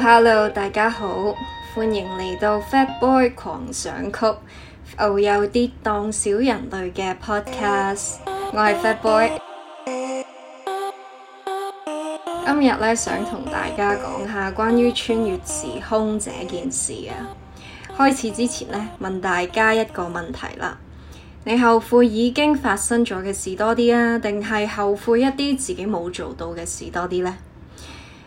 Hello，大家好，歡迎嚟到《Fat Boy 狂想曲》，又有啲當小人類嘅 Podcast，我係 Fat Boy。今日咧想同大家講下關於穿越時空這件事啊。開始之前咧，問大家一個問題啦：你後悔已經發生咗嘅事多啲啊，定係後悔一啲自己冇做到嘅事多啲呢？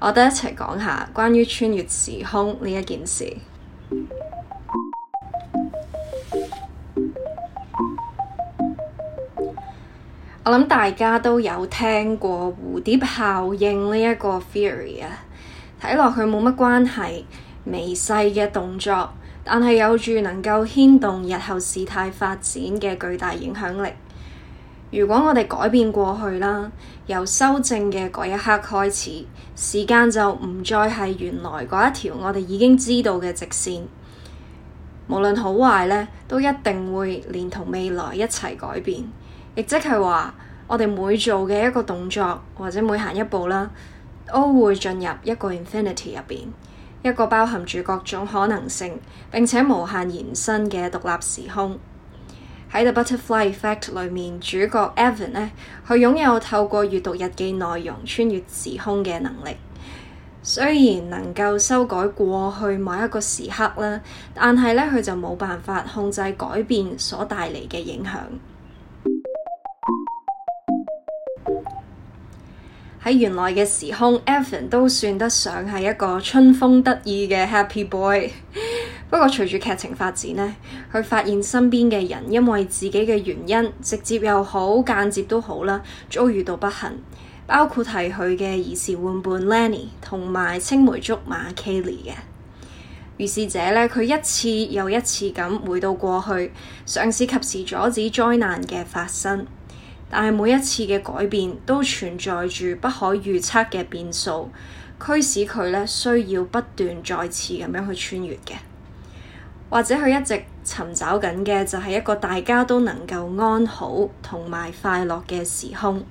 我哋一齊講下關於穿越時空呢一件事。 我諗大家都有聽過蝴蝶效應呢一個 theory 啊，睇落去冇乜關係，微細嘅動作，但係有住能夠牽動日後事態發展嘅巨大影響力。如果我哋改變過去啦，由修正嘅嗰一刻開始，時間就唔再係原來嗰一條我哋已經知道嘅直線。無論好壞咧，都一定會連同未來一齊改變。亦即係話，我哋每做嘅一個動作，或者每行一步啦，都會進入一個 infinity 入邊，一個包含住各種可能性並且無限延伸嘅獨立時空。喺《The Butterfly Effect》裏面，主角 Evan 呢，佢擁有透過閱讀日記內容穿越時空嘅能力。雖然能夠修改過去某一個時刻啦，但係呢，佢就冇辦法控制改變所帶嚟嘅影響。喺 原來嘅時空，Evan 都算得上係一個春風得意嘅 Happy Boy。不過，隨住劇情發展呢，佢發現身邊嘅人因為自己嘅原因，直接又好，間接都好啦，遭遇到不幸。包括係佢嘅兒時玩伴 Lenny 同埋青梅竹馬 Kelly 嘅。如是者呢，佢一次又一次咁回到過去，嘗試及時阻止災難嘅發生。但係每一次嘅改變都存在住不可預測嘅變數，驅使佢呢，需要不斷再次咁樣去穿越嘅。或者佢一直尋找緊嘅就係一個大家都能夠安好同埋快樂嘅時空。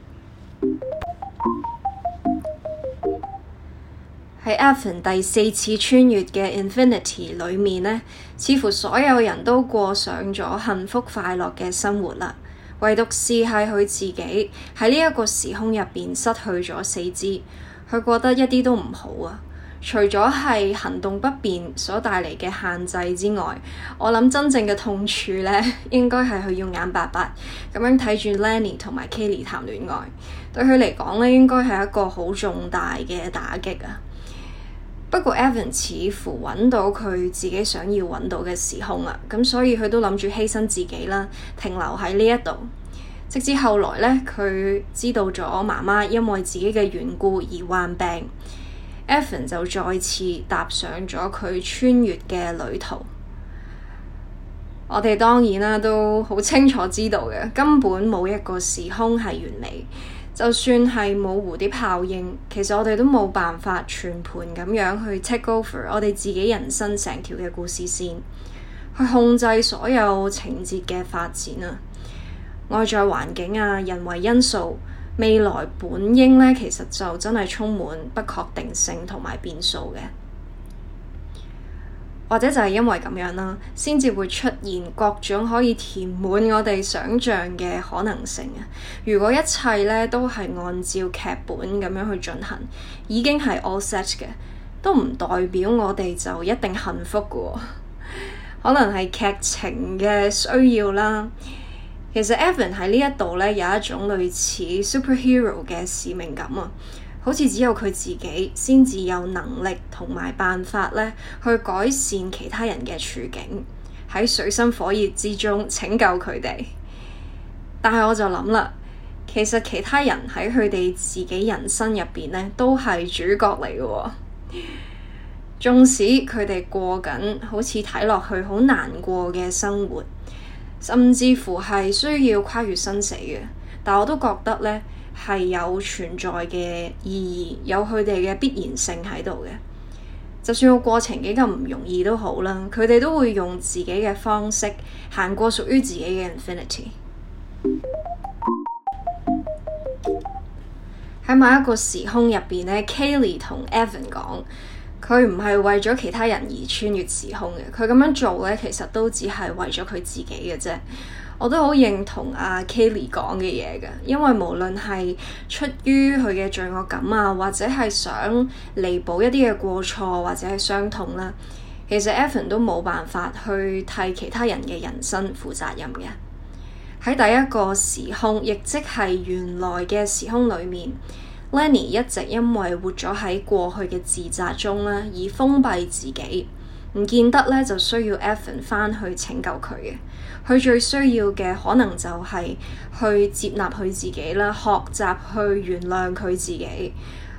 喺 Evan、 e、第四次穿越嘅 Infinity 裏面呢似乎所有人都過上咗幸福快樂嘅生活啦。唯獨是係佢自己喺呢一個時空入邊失去咗四肢，佢覺得一啲都唔好啊！除咗係行動不便所帶嚟嘅限制之外，我諗真正嘅痛處呢應該係佢要眼白白咁樣睇住 Lenny 同埋 Kelly 談戀愛，對佢嚟講呢應該係一個好重大嘅打擊啊！不過 Evan 似乎揾到佢自己想要揾到嘅時空啦，咁所以佢都諗住犧牲自己啦，停留喺呢一度，直至後來呢，佢知道咗媽媽因為自己嘅緣故而患病。Evan 就再次踏上咗佢穿越嘅旅途。我哋當然啦、啊，都好清楚知道嘅，根本冇一個時空係完美。就算係冇蝴蝶效應，其實我哋都冇辦法全盤咁樣去 take over 我哋自己人生成條嘅故事線，去控制所有情節嘅發展啊，外在環境啊，人為因素。未來本應咧，其實就真係充滿不確定性同埋變數嘅，或者就係因為咁樣啦，先至會出現各種可以填滿我哋想像嘅可能性啊！如果一切咧都係按照劇本咁樣去進行，已經係 all set 嘅，都唔代表我哋就一定幸福噶、哦，可能係劇情嘅需要啦。其實 Evan 喺呢一度咧有一種類似 superhero 嘅使命感啊，好似只有佢自己先至有能力同埋辦法咧去改善其他人嘅處境，喺水深火熱之中拯救佢哋。但係我就諗啦，其實其他人喺佢哋自己人生入邊咧都係主角嚟嘅，縱使佢哋過緊好似睇落去好難過嘅生活。甚至乎係需要跨越生死嘅，但我都覺得呢係有存在嘅意義，有佢哋嘅必然性喺度嘅。就算個過程幾咁唔容易都好啦，佢哋都會用自己嘅方式行過屬於自己嘅 infinity。喺 某一個時空入邊呢 Kelly 同 Evan 講。佢唔係為咗其他人而穿越時空嘅，佢咁樣做呢，其實都只係為咗佢自己嘅啫。我都好認同阿 Kayleigh 講嘅嘢嘅，因為無論係出於佢嘅罪惡感啊，或者係想彌補一啲嘅過錯或者係傷痛啦，其實 Evan 都冇辦法去替其他人嘅人生負責任嘅。喺第一個時空，亦即係原來嘅時空裏面。Lenny 一直因為活咗喺過去嘅自責中咧，而封閉自己，唔見得咧就需要 Evan 翻去拯救佢嘅。佢最需要嘅可能就係去接納佢自己啦，學習去原諒佢自己。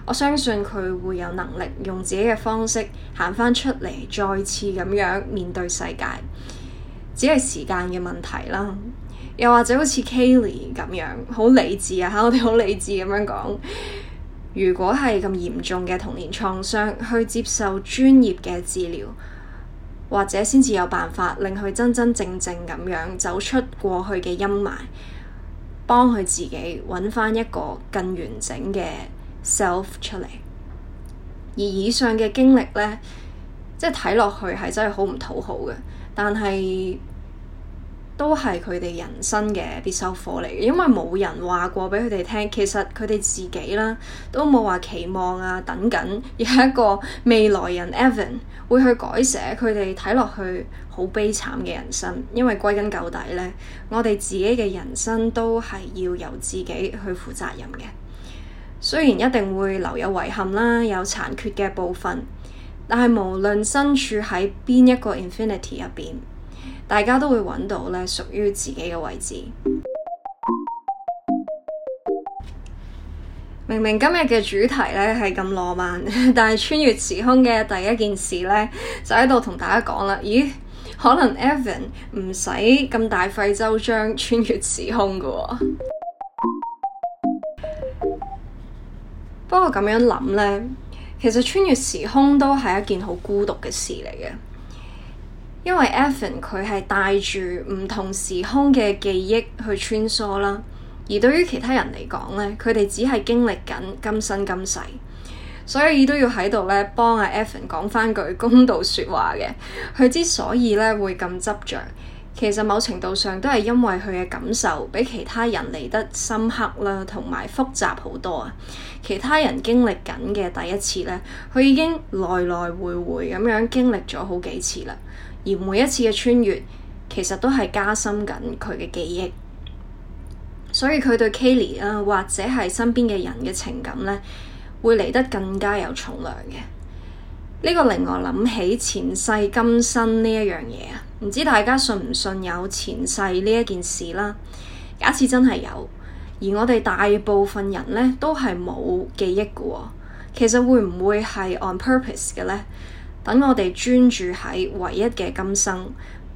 我相信佢會有能力用自己嘅方式行翻出嚟，再次咁樣面對世界，只係時間嘅問題啦。又或者好似 Kelly 咁樣，好理智啊，我哋好理智咁樣講。如果係咁嚴重嘅童年創傷，去接受專業嘅治療，或者先至有辦法令佢真真正正咁樣走出過去嘅陰霾，幫佢自己揾翻一個更完整嘅 self 出嚟。而以上嘅經歷呢，即係睇落去係真係好唔討好嘅，但係，都係佢哋人生嘅必修課嚟嘅，因為冇人話過俾佢哋聽，其實佢哋自己啦都冇話期望啊，等緊有一個未來人 Evan 會去改寫佢哋睇落去好悲慘嘅人生。因為歸根究底呢，我哋自己嘅人生都係要由自己去負責任嘅。雖然一定會留有遺憾啦，有殘缺嘅部分，但係無論身處喺邊一個 infinity 入邊。大家都會揾到呢屬於自己嘅位置。明明今日嘅主題呢係咁浪漫，但係穿越時空嘅第一件事呢，就喺度同大家講啦。咦？可能 Evan 唔使咁大費周章穿越時空嘅喎、哦。 不過咁樣諗呢，其實穿越時空都係一件好孤獨嘅事嚟嘅。因為 Evan 佢係帶住唔同時空嘅記憶去穿梭啦，而對於其他人嚟講咧，佢哋只係經歷緊今生今世，所以都要喺度咧幫阿 Evan 講返句公道説話嘅。佢之所以咧會咁執着，其實某程度上都係因為佢嘅感受比其他人嚟得深刻啦，同埋複雜好多啊。其他人經歷緊嘅第一次咧，佢已經來來回回咁樣經歷咗好幾次啦。而每一次嘅穿越，其實都係加深緊佢嘅記憶，所以佢對 Kelly 啊或者係身邊嘅人嘅情感呢，會嚟得更加有重量嘅。呢個令我諗起前世今生呢一樣嘢啊，唔知大家信唔信有前世呢一件事啦？假設真係有，而我哋大部分人呢，都係冇記憶嘅，其實會唔會係 on purpose 嘅呢？等我哋專注喺唯一嘅今生，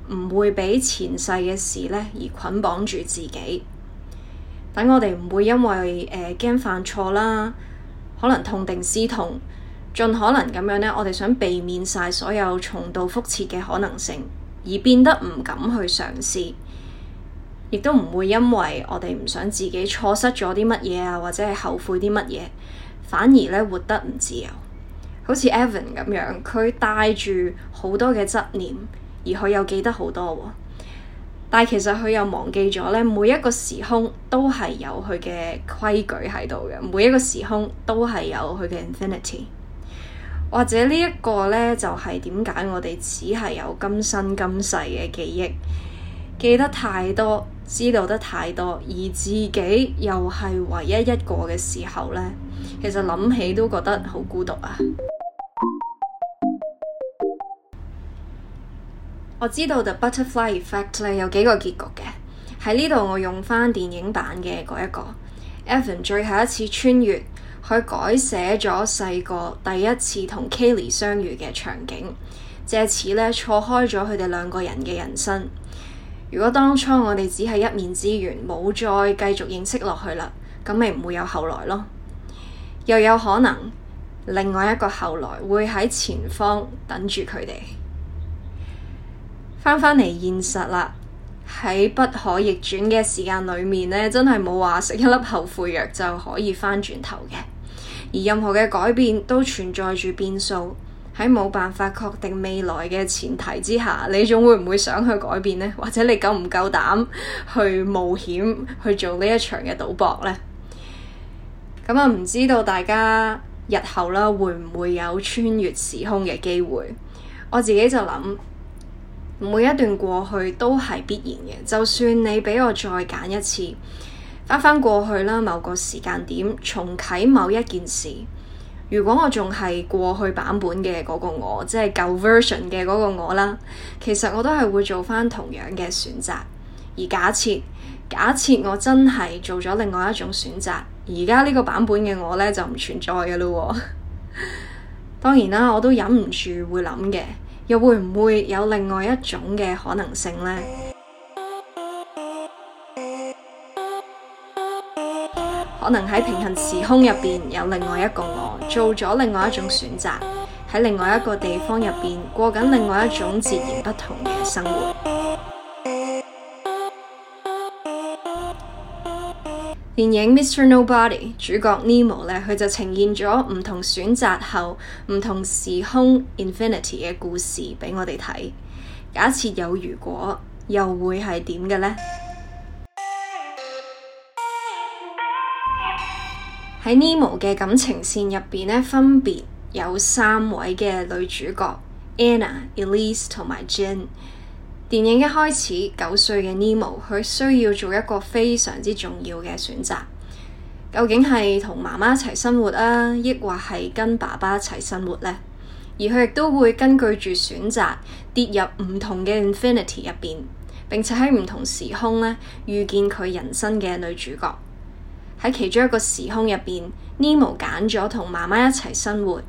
唔會俾前世嘅事呢而捆綁住自己。等我哋唔會因為誒驚、呃、犯錯啦，可能痛定思痛，盡可能咁樣呢，我哋想避免晒所有重蹈覆轍嘅可能性，而變得唔敢去嘗試。亦都唔會因為我哋唔想自己錯失咗啲乜嘢啊，或者係後悔啲乜嘢，反而呢活得唔自由。好似 Evan 咁樣，佢帶住好多嘅執念，而佢又記得好多喎。但係其實佢又忘記咗咧，每一個時空都係有佢嘅規矩喺度嘅，每一個時空都係有佢嘅 infinity。或者呢一個咧，就係點解我哋只係有今生今世嘅記憶？記得太多，知道得太多，而自己又係唯一一個嘅時候呢，其實諗起都覺得好孤獨啊。 我知道 The Butterfly Effect 呢有幾個結局嘅，喺呢度，我用返電影版嘅嗰一個。Evan 最後一次穿越去改寫咗細個第一次同 Kayleigh 相遇嘅場景，借此呢錯開咗佢哋兩個人嘅人生。如果當初我哋只係一面之緣，冇再繼續認識落去啦，咁咪唔會有後來咯。又有可能另外一個後來會喺前方等住佢哋。返返嚟現實啦，喺不可逆轉嘅時間裏面呢，真係冇話食一粒後悔藥就可以返轉頭嘅。而任何嘅改變都存在住變數。喺冇辦法確定未來嘅前提之下，你仲會唔會想去改變呢？或者你夠唔夠膽去冒險去做呢一場嘅賭博呢？咁、嗯、啊，唔知道大家日後啦，會唔會有穿越時空嘅機會？我自己就諗，每一段過去都係必然嘅。就算你畀我再揀一次，翻翻過去啦，某個時間點重啟某一件事。如果我仲係過去版本嘅嗰個我，即係舊 version 嘅嗰個我啦，其實我都係會做返同樣嘅選擇。而假設，假設我真係做咗另外一種選擇，而家呢個版本嘅我呢，就唔存在嘅咯。 當然啦、啊，我都忍唔住會諗嘅，又會唔會有另外一種嘅可能性呢？.能喺平行時空入邊有另外一個我，做咗另外一種選擇，喺另外一個地方入邊過緊另外一種截然不同嘅生活。 電影《Mr. Nobody》主角 Nemo 咧，佢就呈現咗唔同選擇後唔同時空 Infinity 嘅故事俾我哋睇。假設有如果，又會係點嘅呢？喺 Nemo 嘅感情線入邊咧，分別有三位嘅女主角 Anna、Elise 同埋 Jane。電影一開始，九歲嘅 Nemo 佢需要做一個非常之重要嘅選擇，究竟係同媽媽一齊生活啊，抑或係跟爸爸一齊生活咧？而佢亦都會根據住選擇跌入唔同嘅 Infinity 入邊，並且喺唔同時空咧遇見佢人生嘅女主角。喺其中一個時空入邊，尼摩揀咗同媽媽一齊生活，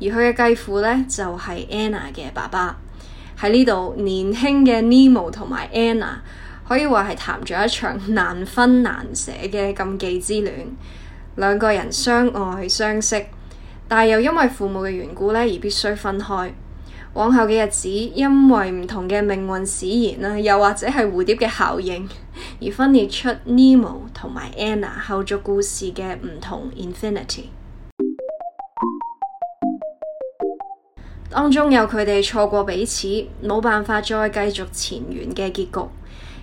而佢嘅繼父呢，就係 Anna 嘅爸爸。喺呢度年輕嘅尼摩同埋 Anna 可以話係談咗一場難分難捨嘅禁忌之戀，兩個人相愛相識，但係又因為父母嘅緣故呢，而必須分開。往後嘅日子，因為唔同嘅命運使然啦，又或者係蝴蝶嘅效應，而分裂出 Nemo 同埋 Anna 後續故事嘅唔同 Infinity。 當中有佢哋錯過彼此，冇辦法再繼續前緣嘅結局。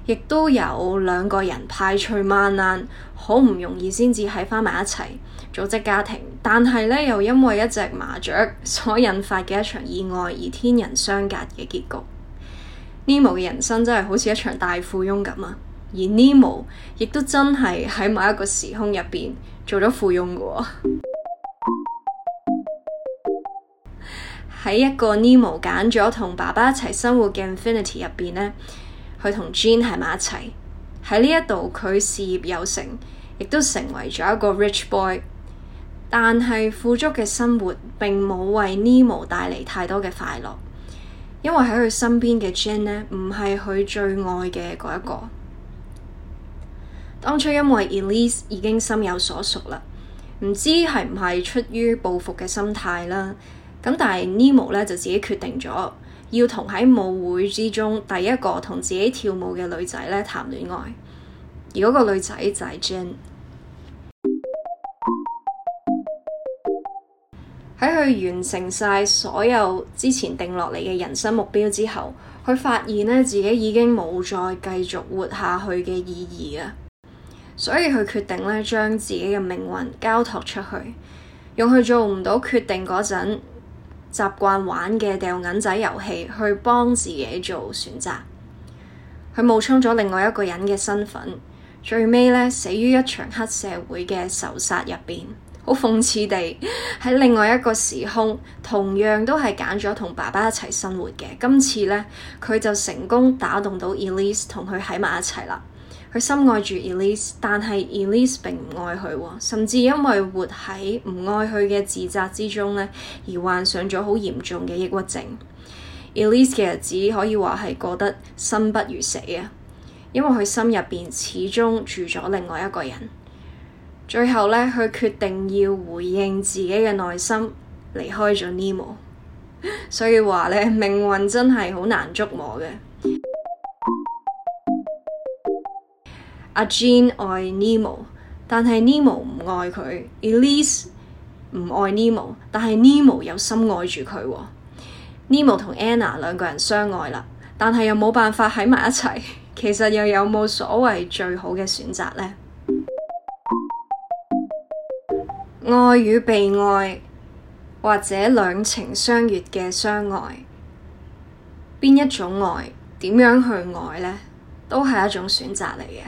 亦都有兩個人排除萬難，好唔容易先至喺返埋一齊，組織家庭。但係呢，又因為一隻麻雀所引發嘅一場意外，而天人相隔嘅結局。Nemo 嘅人生真係好似一場大富翁咁啊！而 Nemo 亦都真係喺某一個時空入邊做咗富翁嘅喎。喺 一個 Nemo 揀咗同爸爸一齊生活嘅 Infinity 入邊呢。佢同 Jean 喺埋一齊，喺呢一度佢事業有成，亦都成為咗一個 rich boy。但係富足嘅生活並冇為 Nemo 帶嚟太多嘅快樂，因為喺佢身邊嘅 Jean 呢，唔係佢最愛嘅嗰一個。當初因為 Elise 已經心有所屬啦，唔知係唔係出於報復嘅心態啦，咁但係 Nemo 呢，就自己決定咗。要同喺舞會之中第一個同自己跳舞嘅女仔咧談戀愛，而嗰個女仔就係 Jane。喺佢 完成晒所有之前定落嚟嘅人生目標之後，佢發現咧自己已經冇再繼續活下去嘅意義啊，所以佢決定咧將自己嘅命運交託出去，用佢做唔到決定嗰陣。習慣玩嘅掉銀仔遊戲，去幫自己做選擇。佢冒充咗另外一個人嘅身份，最尾呢死於一場黑社會嘅仇殺入邊。好諷刺地，喺另外一個時空，同樣都係揀咗同爸爸一齊生活嘅。今次呢，佢就成功打動到 Elise，同佢喺埋一齊啦。佢深愛住 Elise，但係 Elise 並唔愛佢喎，甚至因為活喺唔愛佢嘅自責之中呢，而患上咗好嚴重嘅抑鬱症。Elise 嘅日子可以話係過得生不如死啊，因為佢心入邊始終住咗另外一個人。最後呢，佢決定要回應自己嘅內心，離開咗 Nemo。所以話呢，命運真係好難捉摸嘅。阿 Jean 愛 Nemo，但係 Nemo 唔愛佢；Elise 唔愛 Nemo，但係 Nemo 又深愛住佢。Nemo 同 Anna 兩個人相愛啦，但係又冇辦法喺埋一齊。其實又有冇所謂最好嘅選擇呢？愛與被愛，或者兩情相悅嘅相愛，邊一種愛？點樣去愛呢？都係一種選擇嚟嘅。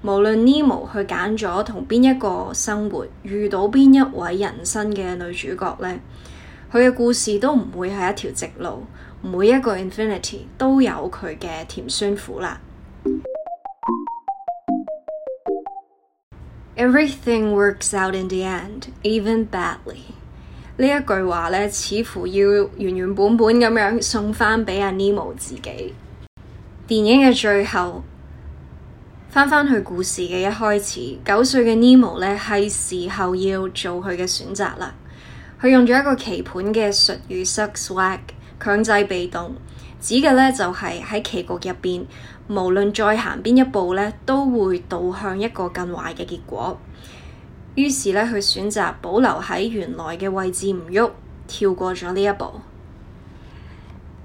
無論 Nemo 去揀咗同邊一個生活，遇到邊一位人生嘅女主角呢，佢嘅故事都唔會係一條直路。每一個 infinity 都有佢嘅甜酸苦辣。Everything works out in the end, even badly。呢一句話呢，似乎要原原本本咁樣送返畀阿 Nemo 自己。電影嘅最後。翻返去故事嘅一開始，九歲嘅 Nemo 呢係時候要做佢嘅選擇啦。佢用咗一個棋盤嘅術語 “Zugzwang”，強制被動，指嘅呢就係、是、喺棋局入邊，無論再行邊一步呢，都會導向一個更壞嘅結果。於是呢，佢選擇保留喺原來嘅位置唔喐，跳過咗呢一步。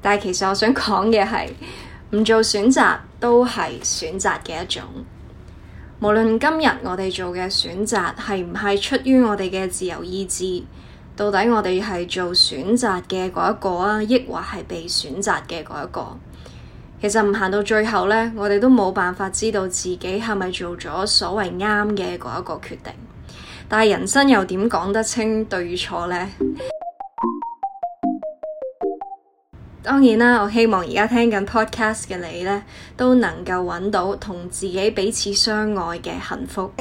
但係其實我想講嘅係。唔做選擇都係選擇嘅一種，無論今日我哋做嘅選擇係唔係出於我哋嘅自由意志，到底我哋係做選擇嘅嗰一個啊，抑或係被選擇嘅嗰一個？其實唔行到最後呢，我哋都冇辦法知道自己係咪做咗所謂啱嘅嗰一個決定，但係人生又點講得清對與錯呢？當然啦，我希望而家聽緊 podcast 嘅你呢，都能夠揾到同自己彼此相愛嘅幸福。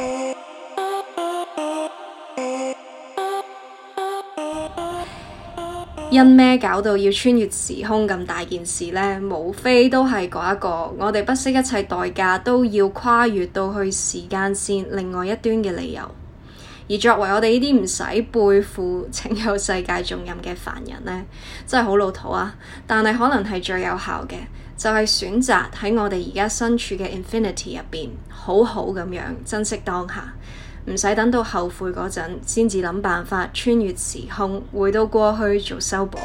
因咩搞到要穿越時空咁大件事呢？無非都係嗰一個，我哋不惜一切代價都要跨越到去時間線另外一端嘅理由。而作為我哋呢啲唔使背負拯救世界重任嘅凡人呢，真係好老土啊！但係可能係最有效嘅，就係選擇喺我哋而家身處嘅 infinity 入邊，好好咁樣珍惜當下，唔使等到後悔嗰陣先至諗辦法穿越時空回到過去做修補。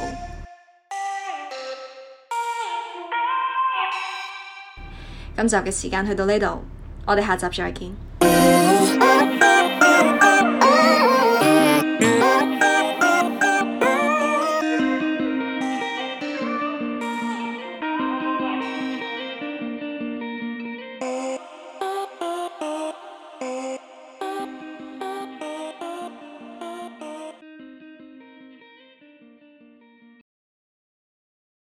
今集嘅時間去到呢度，我哋下集再見。